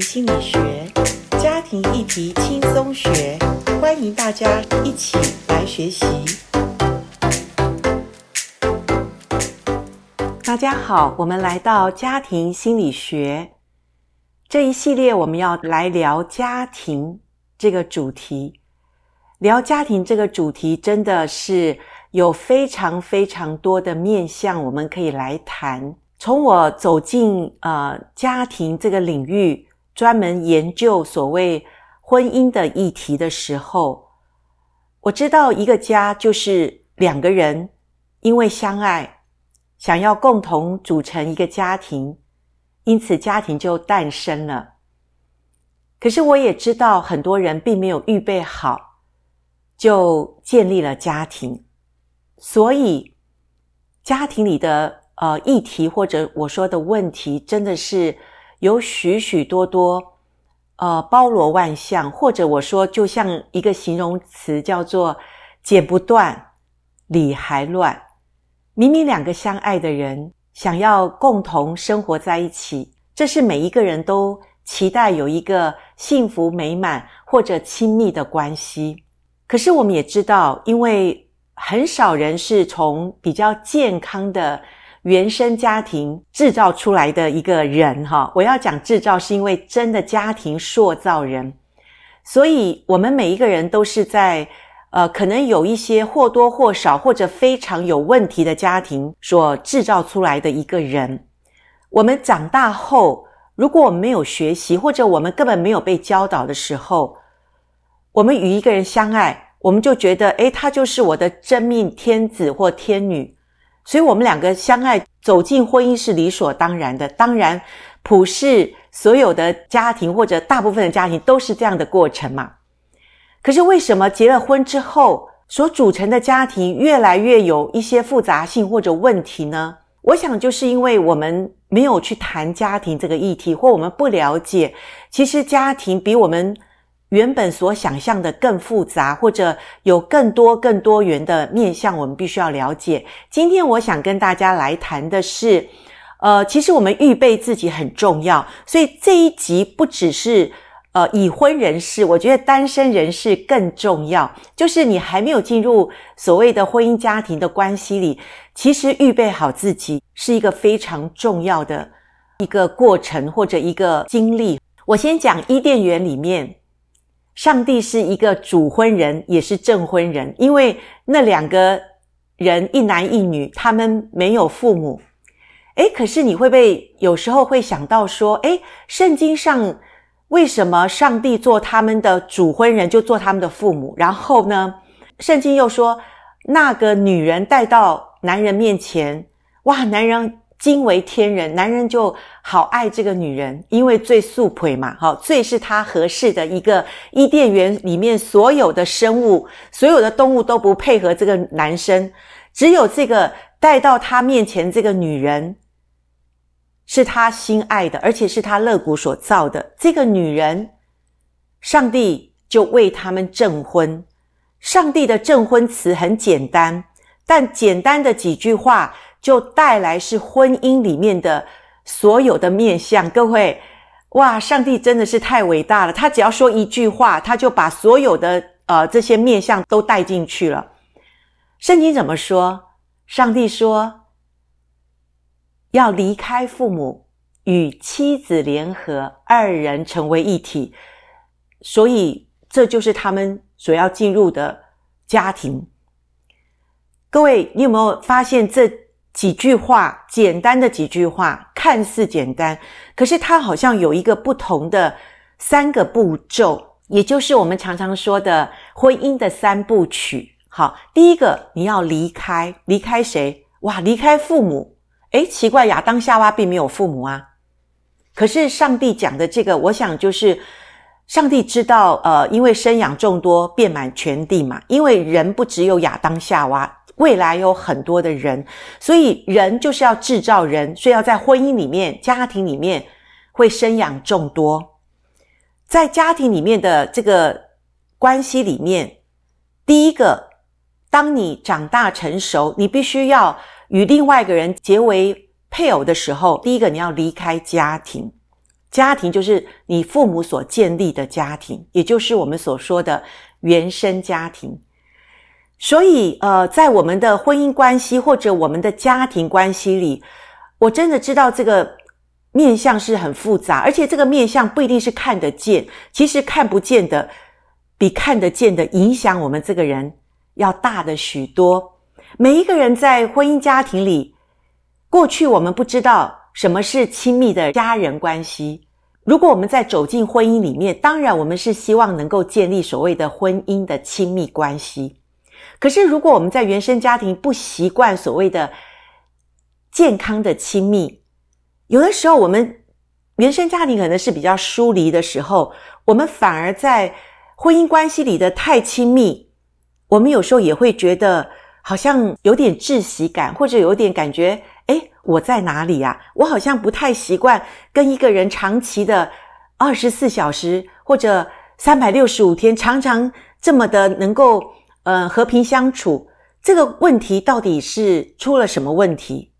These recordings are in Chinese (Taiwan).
心理學，家庭議題輕鬆學，歡迎大家一起來學習。大家好，我們來到家庭心理學這一系列，我們要來聊家庭這個主題。聊家庭這個主題，真的是有非常非常多的面向，我們可以來談。從我走進呃家庭這個領域。專門研究所謂婚姻的議題的時候，我知道一個家就是兩個人因為相愛，想要共同組成一個家庭，因此家庭就誕生了。可是我也知道，很多人並沒有預備好，就建立了家庭，所以家庭裡的呃議題或者我說的問題，真的是。有許許多多，呃，包羅萬象，或者我說，就像一個形容詞叫做“剪不斷，理還亂”。明明兩個相愛的人想要共同生活在一起，這是每一個人都期待有一個幸福美滿或者親密的關係。可是我們也知道，因為很少人是從比較健康的。原生家庭製造出來的一個人，哈，我要講製造，是因為真的家庭塑造人，所以我們每一個人都是在，呃，可能有一些或多或少或者非常有問題的家庭所製造出來的一個人。我們長大後，如果我們沒有學習，或者我們根本沒有被教導的時候，我們與一個人相愛，我們就覺得，哎，他就是我的真命天子或天女。所以我們兩個相愛，走進婚姻是理所當然的。當然，普世所有的家庭或者大部分的家庭都是這樣的過程嘛。可是為什麼結了婚之後所組成的家庭越來越有一些複雜性或者問題呢？我想，就是因為我們沒有去談家庭這個議題，或我們不了解，其實家庭比我們。原本所想象的更複雜，或者有更多更多元的面向，我們必須要了解。今天我想跟大家來談的是，呃，其實我們預備自己很重要，所以這一集不只是呃已婚人士，我覺得單身人士更重要，就是你還沒有進入所謂的婚姻家庭的關係裡，其實預備好自己是一個非常重要的一個過程或者一個經歷。我先講伊甸園裡面。上帝是一個主婚人，也是證婚人，因為那兩個人一男一女，他們沒有父母。哎，可是你會不會有時候會想到說，哎，聖經上為什麼上帝做他們的主婚人，就做他們的父母？然後呢，聖經又說那個女人帶到男人面前，哇，男人。驚為天人，男人就好愛這個女人，因為最素 u 嘛，好最是她合適的一個，伊甸園裡面所有的生物，所有的動物都不配合這個男生，只有這個帶到他面前的這個女人是他心愛的，而且是他樂谷所造的這個女人，上帝就為他們證婚。上帝的證婚詞很簡單，但簡單的幾句話。就帶來是婚姻裡面的所有的面向，各位，哇，上帝真的是太偉大了！他只要說一句話，他就把所有的呃這些面向都帶進去了。聖經怎麼說？上帝說要離開父母，與妻子聯合，二人成為一體。所以這就是他們所要進入的家庭。各位，你有沒有發現這？幾句話，簡單的幾句話，看似簡單，可是它好像有一個不同的三個步驟，也就是我們常常說的婚姻的三部曲。好，第一個，你要離開，離開誰？哇，離開父母。誒，奇怪，亞當夏娃並沒有父母啊。可是上帝講的這個，我想就是上帝知道，呃，因為生養眾多，遍滿全地嘛，因為人不只有亞當夏娃。未來有很多的人，所以人就是要製造人，所以要在婚姻裡面、家庭裡面會生養眾多。在家庭裡面的這個關係裡面，第一個，當你長大成熟，你必須要與另外一個人結為配偶的時候，第一個你要離開家庭。家庭就是你父母所建立的家庭，也就是我們所說的原生家庭。所以，呃，在我們的婚姻關係或者我們的家庭關係裡，我真的知道這個面向是很複雜，而且這個面向不一定是看得見。其實看不見的比看得見的影響我們這個人要大得許多。每一個人在婚姻家庭裡，過去我們不知道什麼是親密的家人關係。如果我們在走進婚姻裡面，當然我們是希望能夠建立所謂的婚姻的親密關係。可是，如果我們在原生家庭不習慣所謂的健康的親密，有的時候我們原生家庭可能是比較疏離的時候，我們反而在婚姻關係裡的太親密，我們有時候也會覺得好像有點窒息感，或者有點感覺，誒，我在哪裡呀？我好像不太習慣跟一個人長期的二十四小時或者三百六十五天，常常這麼的能夠。呃，和平相處這個問題到底是出了什麼問題？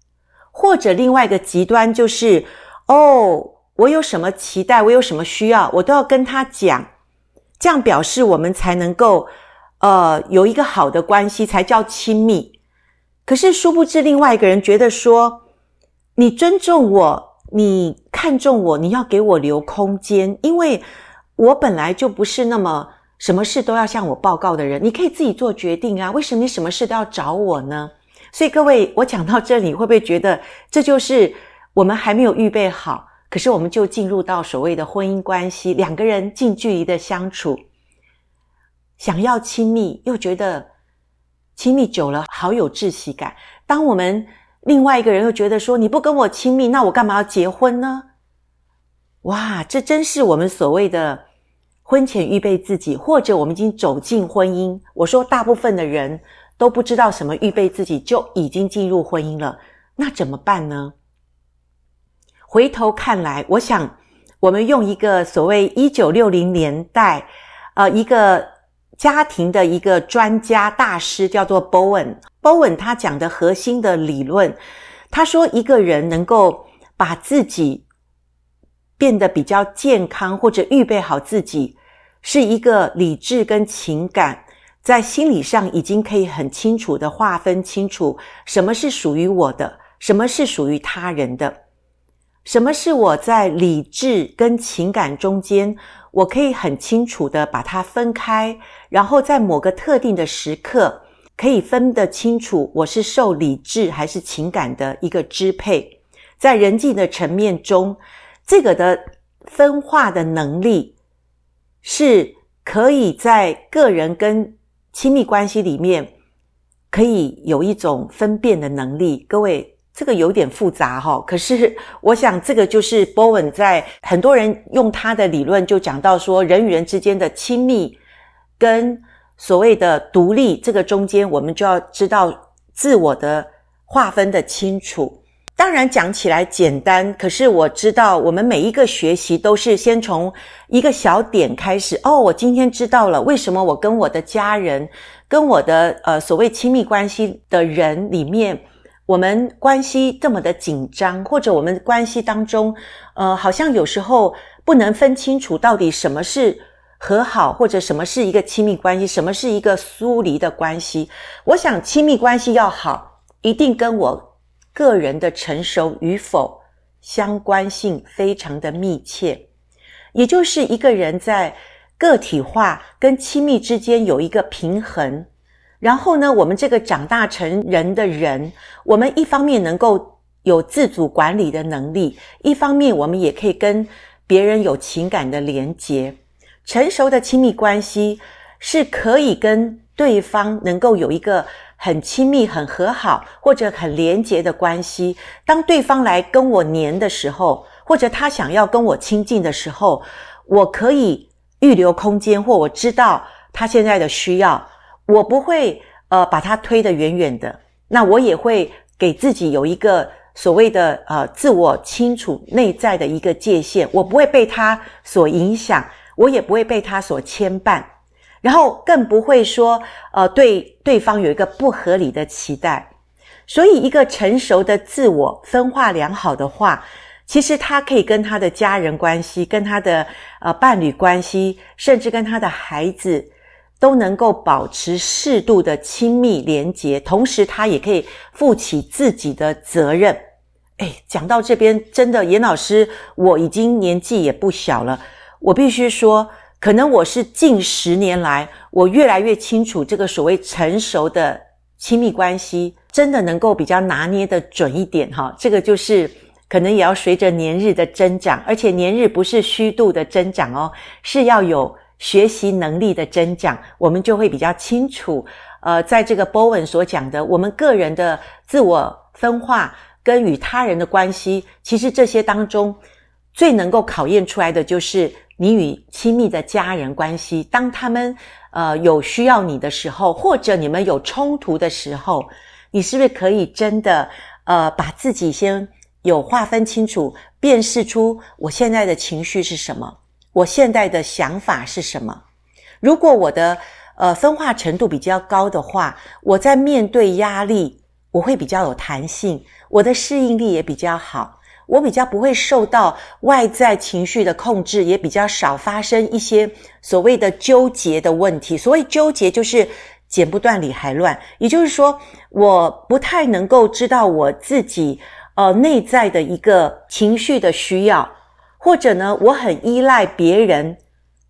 或者另外一個極端就是，哦，我有什麼期待，我有什麼需要，我都要跟他講，這樣表示我們才能夠，呃，有一個好的關係才叫親密。可是殊不知，另外一個人覺得說，你尊重我，你看重我，你要給我留空間，因為我本來就不是那麼。什麼事都要向我報告的人，你可以自己做決定啊！為什麼你什麼事都要找我呢？所以各位，我講到這裡，會不會覺得這就是我們還沒有預備好？可是我們就進入到所謂的婚姻關係，兩個人近距離的相處，想要親密，又覺得親密久了好有窒息感。當我們另外一個人又覺得說你不跟我親密，那我幹嘛要結婚呢？哇，這真是我們所謂的。婚前預備自己，或者我們已經走進婚姻。我說，大部分的人都不知道什麼預備自己，就已經進入婚姻了。那怎麼辦呢？回頭看來，我想我們用一個所謂一九六零年代，呃，一個家庭的一個專家大師，叫做 Bowen。Bowen 他講的核心的理論，他說一個人能夠把自己變得比較健康，或者預備好自己。是一個理智跟情感在心理上已經可以很清楚的劃分清楚，什麼是屬於我的，什麼是屬於他人的，什麼是我在理智跟情感中間，我可以很清楚的把它分開，然後在某個特定的時刻，可以分得清楚我是受理智還是情感的一個支配，在人際的層面中，這個的分化的能力。是可以在個人跟親密關係裡面可以有一種分辨的能力。各位，這個有點複雜哈、哦。可是我想，這個就是 Bowen 在很多人用他的理論就講到說，人與人之間的親密跟所謂的獨立這個中間，我們就要知道自我的劃分的清楚。當然講起來簡單，可是我知道我們每一個學習都是先從一個小點開始。哦，我今天知道了為什麼我跟我的家人、跟我的呃所謂親密關係的人裡面，我們關係這麼的緊張，或者我們關係當中，呃，好像有時候不能分清楚到底什麼是和好，或者什麼是一個親密關係，什麼是一個疏離的關係。我想親密關係要好，一定跟我。個人的成熟與否相關性非常的密切，也就是一個人在個體化跟親密之間有一個平衡。然後呢，我們這個長大成人的人，我們一方面能夠有自主管理的能力，一方面我們也可以跟別人有情感的連接。成熟的親密關係是可以跟對方能夠有一個。很親密、很和好，或者很連結的關係。當對方來跟我黏的時候，或者他想要跟我親近的時候，我可以預留空間，或我知道他現在的需要，我不會呃把他推得遠遠的。那我也會給自己有一個所謂的呃自我清楚內在的一個界限，我不會被他所影響，我也不會被他所牽絆。然後更不會說，呃，對對方有一個不合理的期待。所以，一個成熟的自我分化良好的話，其實他可以跟他的家人關係、跟他的呃伴侶關係，甚至跟他的孩子，都能夠保持適度的親密連接。同時，他也可以負起自己的責任。誒、哎，講到這邊，真的延老師，我已經年紀也不小了，我必須說。可能我是近十年來，我越來越清楚這個所謂成熟的親密關係，真的能夠比較拿捏的準一點哈。這個就是可能也要隨着年日的增長，而且年日不是虛度的增長哦，是要有學習能力的增長，我們就會比較清楚。呃，在這個波 n 所講的，我們個人的自我分化跟與他人的關係，其實這些當中。最能夠考驗出來的，就是你與親密的家人關係。當他們呃有需要你的時候，或者你們有衝突的時候，你是不是可以真的呃把自己先有劃分清楚，辨識出我現在的情緒是什麼，我現在的想法是什麼？如果我的呃分化程度比較高的話，我在面對壓力，我會比較有彈性，我的適應力也比較好。我比較不會受到外在情緒的控制，也比較少發生一些所謂的糾結的問題。所謂糾結，就是剪不斷理還亂。也就是說，我不太能夠知道我自己呃內在的一個情緒的需要，或者呢，我很依賴別人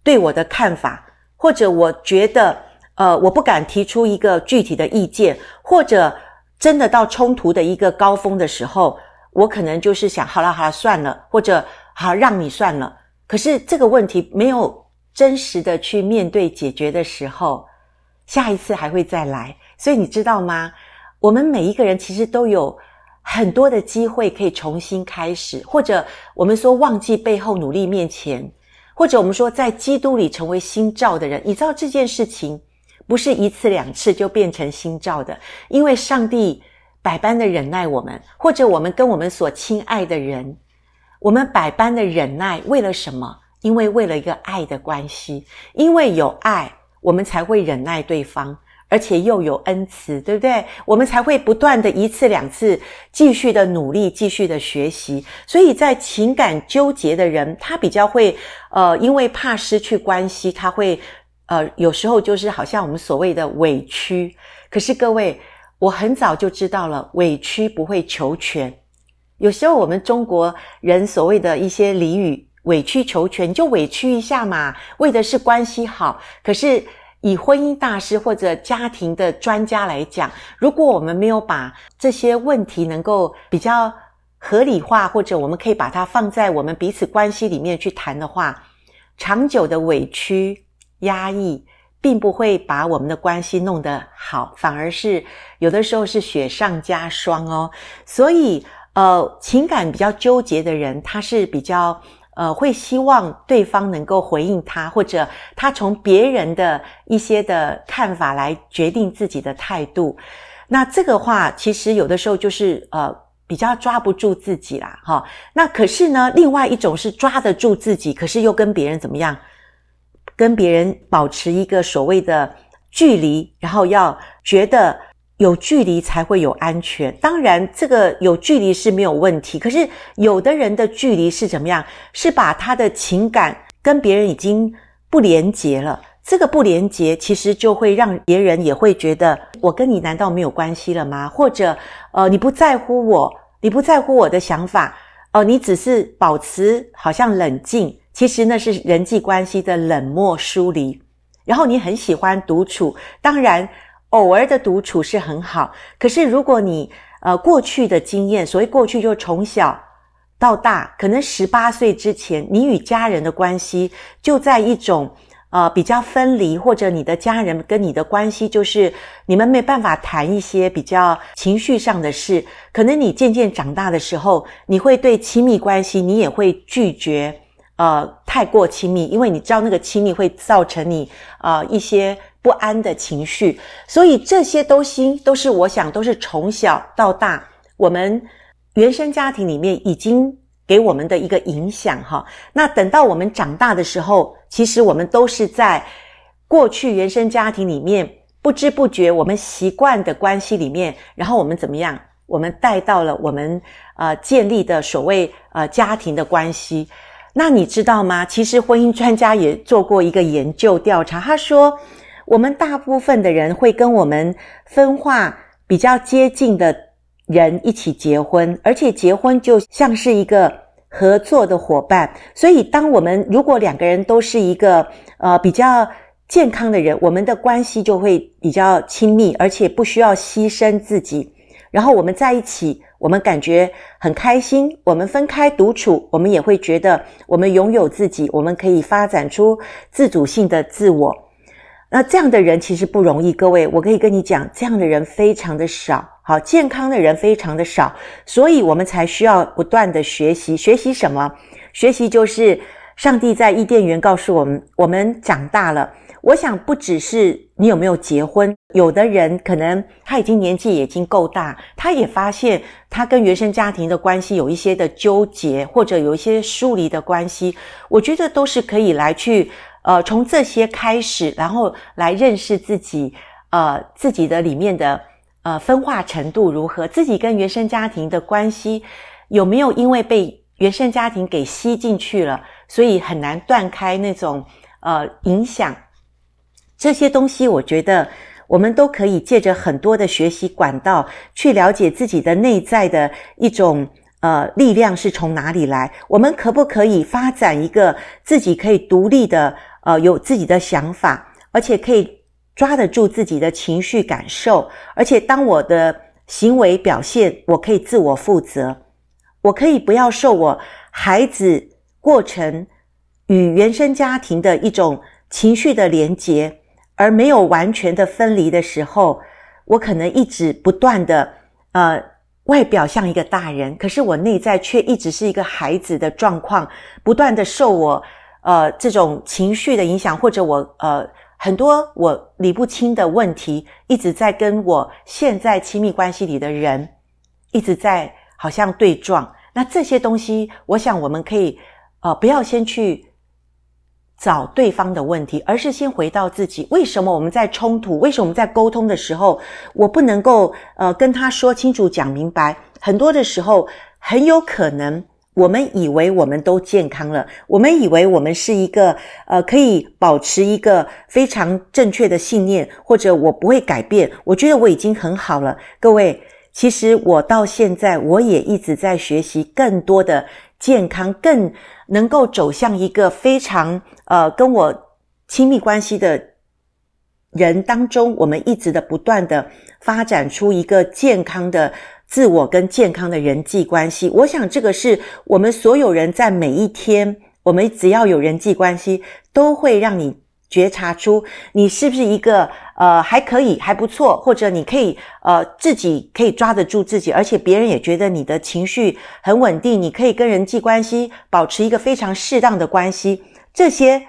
對我的看法，或者我覺得呃我不敢提出一個具體的意見，或者真的到衝突的一個高峰的時候。我可能就是想，好了好了，算了，或者好啦，讓你算了。可是這個問題沒有真實的去面對解決的時候，下一次還會再來。所以你知道嗎？我們每一個人其實都有很多的機會可以重新開始，或者我們說忘記背後努力面前，或者我們說在基督裡成為新造的人。你知道這件事情不是一次兩次就變成新造的，因為上帝。百般的忍耐，我們或者我們跟我們所親愛的人，我們百般的忍耐，為了什麼？因為為了一個愛的關係，因為有愛，我們才會忍耐對方，而且又有恩慈，對不對？我們才會不斷的一次兩次繼續的努力，繼續的學習。所以在情感糾結的人，他比較會呃，因為怕失去關係，他會呃，有時候就是好像我們所謂的委屈。可是各位。我很早就知道了，委屈不會求全。有時候我們中國人所謂的一些俚語“委屈求全”，就委屈一下嘛，為的是關係好。可是以婚姻大師或者家庭的專家來講，如果我們沒有把這些問題能夠比較合理化，或者我們可以把它放在我們彼此關係裡面去談的話，長久的委屈、壓抑。並不會把我們的關係弄得好，反而是有的時候是雪上加霜哦。所以，呃，情感比較糾結的人，他是比較呃會希望對方能夠回應他，或者他從別人的一些的看法來決定自己的態度。那這個話其實有的時候就是呃比較抓不住自己啦，哈、哦。那可是呢，另外一種是抓得住自己，可是又跟別人怎麼樣？跟別人保持一個所謂的距離，然後要覺得有距離才會有安全。當然，這個有距離是沒有問題。可是，有的人的距離是怎麼樣？是把他的情感跟別人已經不連接了。這個不連接，其實就會讓別人也會覺得，我跟你難道沒有關係了嗎？或者，呃，你不在乎我，你不在乎我的想法，哦，呃，你只是保持好像冷靜。其實那是人際關係的冷漠疏離，然後你很喜歡獨處。當然，偶爾的獨處是很好。可是如果你呃過去的經驗，所謂過去就從小到大，可能十八歲之前，你與家人的關係就在一種呃比較分離，或者你的家人跟你的關係就是你們沒辦法談一些比較情緒上的事。可能你漸漸長大的時候，你會對親密關係，你也會拒絕。呃，太過親密，因為你知道那個親密會造成你呃一些不安的情緒，所以這些東西都是我想都是從小到大我們原生家庭裡面已經給我們的一個影響哈。那等到我們長大的時候，其實我們都是在過去原生家庭裡面不知不覺我們習慣的關係裡面，然後我們怎麼樣？我們帶到了我們呃建立的所謂呃家庭的關係。那你知道嗎？其實婚姻專家也做過一個研究調查，他說，我們大部分的人會跟我們分化比較接近的人一起結婚，而且結婚就像是一個合作的夥伴。所以，當我們如果兩個人都是一個呃比較健康的人，我們的關係就會比較親密，而且不需要犧牲自己，然後我們在一起。我們感覺很開心，我們分開獨處，我們也會覺得我們擁有自己，我們可以發展出自主性的自我。那這樣的人其實不容易，各位，我可以跟你講，這樣的人非常的少。好，健康的人非常的少，所以我們才需要不斷的學習。學習什麼？學習就是上帝在伊甸園告訴我們，我們長大了。我想，不只是你有沒有結婚，有的人可能他已經年紀已經夠大，他也發現他跟原生家庭的關係有一些的糾結，或者有一些疏離的關係。我覺得都是可以來去，呃，從這些開始，然後來認識自己，呃，自己的裡面的呃分化程度如何，自己跟原生家庭的關係有沒有因為被原生家庭給吸進去了，所以很難斷開那種呃影響。這些東西，我覺得我們都可以借着很多的學習管道去了解自己的內在的一種呃力量，是從哪裡來。我們可不可以發展一個自己可以獨立的呃，有自己的想法，而且可以抓得住自己的情緒感受，而且當我的行為表現，我可以自我負責，我可以不要受我孩子過程與原生家庭的一種情緒的連結。而沒有完全的分離的時候，我可能一直不斷的，呃，外表像一個大人，可是我內在卻一直是一個孩子的狀況，不斷的受我，呃，這種情緒的影響，或者我，呃，很多我理不清的問題，一直在跟我現在親密關係裡的人，一直在好像對撞。那這些東西，我想我們可以，呃，不要先去。找對方的問題，而是先回到自己。為什麼我們在衝突？為什麼我們在溝通的時候，我不能夠呃跟他說清楚、講明白？很多的時候，很有可能我們以為我們都健康了，我們以為我們是一個呃可以保持一個非常正確的信念，或者我不會改變。我覺得我已經很好了。各位，其實我到現在我也一直在學習更多的健康更。能夠走向一個非常呃跟我親密關係的人當中，我們一直的不斷的發展出一個健康的自我跟健康的人際關係。我想這個是我們所有人在每一天，我們只要有人際關係，都會讓你，覺察出你是不是一個呃還可以還不錯，或者你可以呃自己可以抓得住自己，而且別人也覺得你的情緒很穩定，你可以跟人際關係保持一個非常適當的關係，這些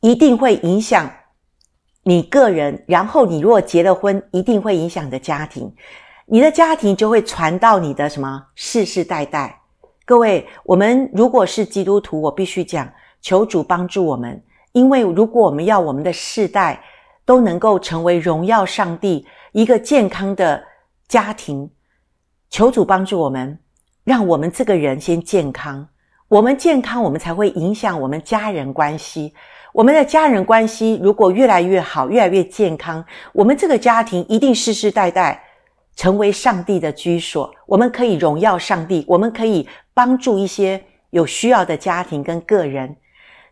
一定會影響你個人。然後你如果結了婚，一定會影響你的家庭，你的家庭就會傳到你的什麼世世代代。各位，我們如果是基督徒，我必須講，求主幫助我們。因為如果我們要我們的世代都能夠成為榮耀上帝一個健康的家庭，求主幫助我們，讓我們這個人先健康。我們健康，我們才會影響我們家人關係。我們的家人關係如果越來越好，越來越健康，我們這個家庭一定世世代代成為上帝的居所。我們可以榮耀上帝，我們可以幫助一些有需要的家庭跟個人。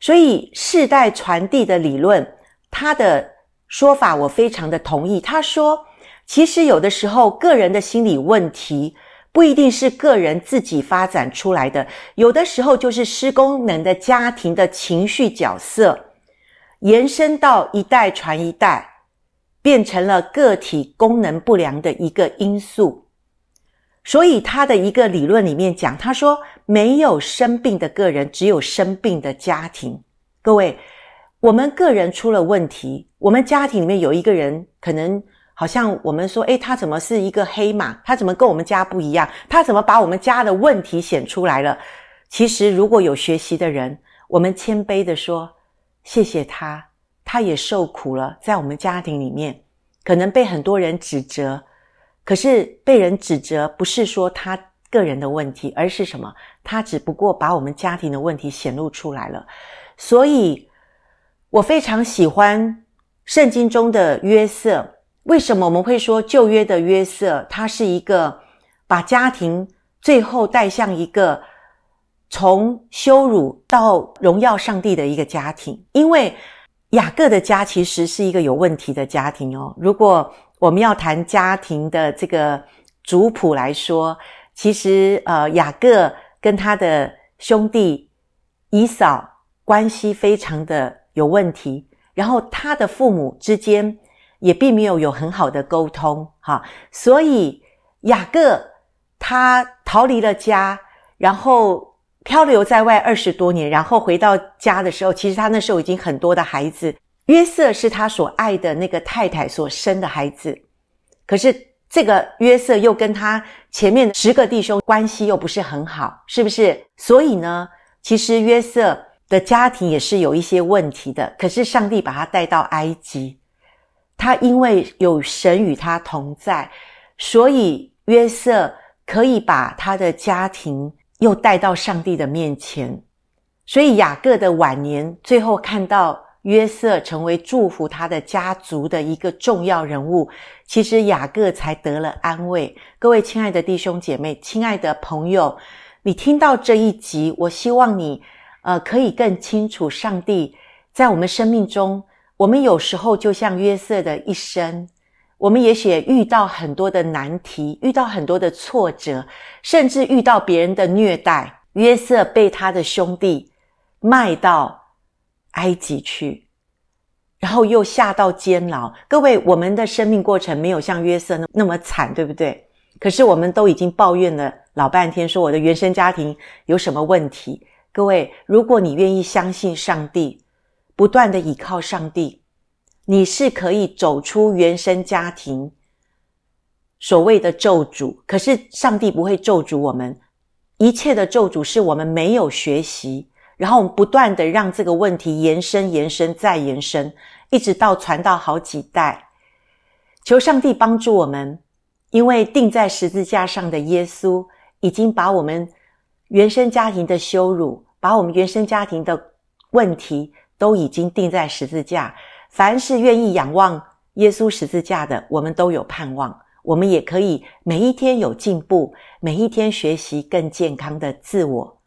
所以，世代傳遞的理論，他的說法我非常的同意。他說，其實有的時候個人的心理問題不一定是個人自己發展出來的，有的時候就是失功能的家庭的情緒角色，延伸到一代傳一代，變成了個體功能不良的一個因素。所以，他的一個理論裡面講，他說。沒有生病的個人，只有生病的家庭。各位，我們個人出了問題，我們家庭裡面有一個人，可能好像我們說，哎，他怎麼是一個黑馬？他怎麼跟我們家不一樣？他怎麼把我們家的問題顯出來了？其實，如果有學習的人，我們謙卑地說，謝謝他，他也受苦了，在我們家庭裡面，可能被很多人指責，可是被人指責不是說他，個人的問題，而是什麼？他只不過把我們家庭的問題顯露出來了。所以，我非常喜歡聖經中的約瑟。為什麼我們會說舊約的約瑟，他是一個把家庭最後帶向一個從羞辱到榮耀上帝的一個家庭？因為雅各的家其實是一個有問題的家庭哦。如果我們要談家庭的這個族譜來說，其實，呃，雅各跟他的兄弟以掃關係非常的有問題，然後他的父母之間也並沒有有很好的溝通，哈。所以雅各他逃離了家，然後漂流在外二十多年，然後回到家的時候，其實他那時候已經很多的孩子，約瑟是他所愛的那個太太所生的孩子，可是，這個約瑟又跟他前面十個弟兄關係又不是很好，是不是？所以呢，其實約瑟的家庭也是有一些問題的。可是上帝把他帶到埃及，他因為有神與他同在，所以約瑟可以把他的家庭又帶到上帝的面前。所以雅各的晚年最後看到約瑟成為祝福他的家族的一個重要人物。其實雅各才得了安慰。各位親愛的弟兄姐妹、親愛的朋友，你聽到這一集，我希望你，呃，可以更清楚上帝在我們生命中，我們有時候就像約瑟的一生，我們也許也遇到很多的難題，遇到很多的挫折，甚至遇到別人的虐待。約瑟被他的兄弟賣到埃及去。然後又下到監牢，各位，我們的生命過程沒有像約瑟那那麼慘，對不對？可是我們都已經抱怨了老半天，說我的原生家庭有什麼問題？各位，如果你願意相信上帝，不斷地倚靠上帝，你是可以走出原生家庭所謂的咒詛。可是上帝不會咒詛我們，一切的咒詛是我們沒有學習。然後我們不斷的讓這個問題延伸、延伸再延伸，一直到傳到好幾代。求上帝幫助我們，因為釘在十字架上的耶穌已經把我們原生家庭的羞辱、把我們原生家庭的問題都已經釘在十字架。凡是願意仰望耶穌十字架的，我們都有盼望。我們也可以每一天有進步，每一天學習更健康的自我。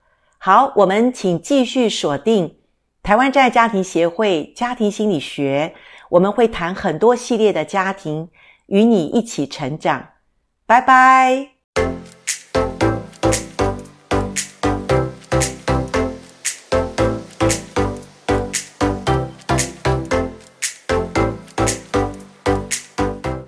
好，我們請繼續鎖定台灣真愛家庭協會家庭心理學，我們會談很多系列的家庭，與你一起成長，拜拜。